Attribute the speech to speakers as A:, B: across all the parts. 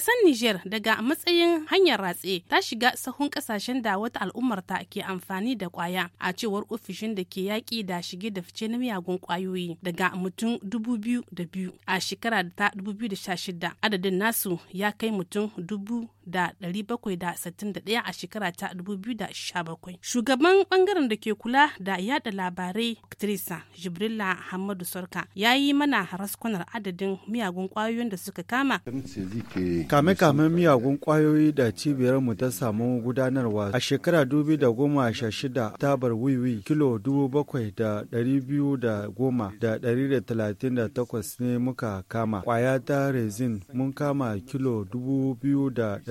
A: Ƙasar niger daga matsayin hanyar ratse ta shiga sahun kasashen da wata al'ummarta ke amfani da kwaya a cewar ofishin da ke yaƙi da shige da fice na miyagun kwayoyi daga mutum dubu a shekara ta dubu adadin nasu ya kai mutum dubu da 761 a shekara ta 2017. Shugaban bangaren da ke kula da yada labarai Trisa Jibrila Hamadu Sarka ya yi mana raskunar adadin miyagun kwayoyin da suka kama.
B: kame kame miyagun kwayoyi da cibiyar mu ta samu gudanarwa a shekara 2016 tabar wiwi kilo 7,210 ne muka kama. Kwaya ta resin mun kama kilo 2,000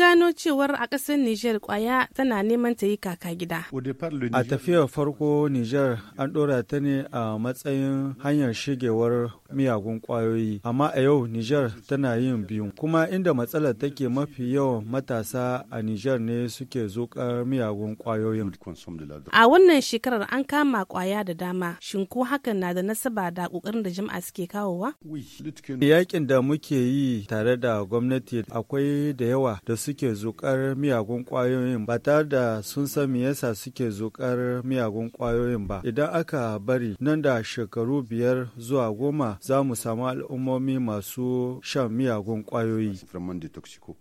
A: gano cewar a ƙasar Nijar kwaya tana neman ta yi kaka gida.
B: A tafiyar farko Nijar an ɗora ta ne a matsayin hanyar shigewar miyagun kwayoyi, amma a yau Nijar tana yin biyu. Kuma inda matsalar take mafi yawan matasa a Nijar ne suke zuƙar miyagun kwayoyin.
A: A wannan shekarar an kama kwaya da dama, shin ko hakan na da nasaba da ƙoƙarin da jama'a suke kawowa?
B: Yakin da muke yi tare da gwamnati akwai da yawa da su suke zukar miyagun kwayoyin ba tare da sun san me yasa suke zukar miyagun kwayoyin ba idan aka bari nan da shekaru biyar zuwa goma za mu samu al'ummomi masu shan miyagun kwayoyi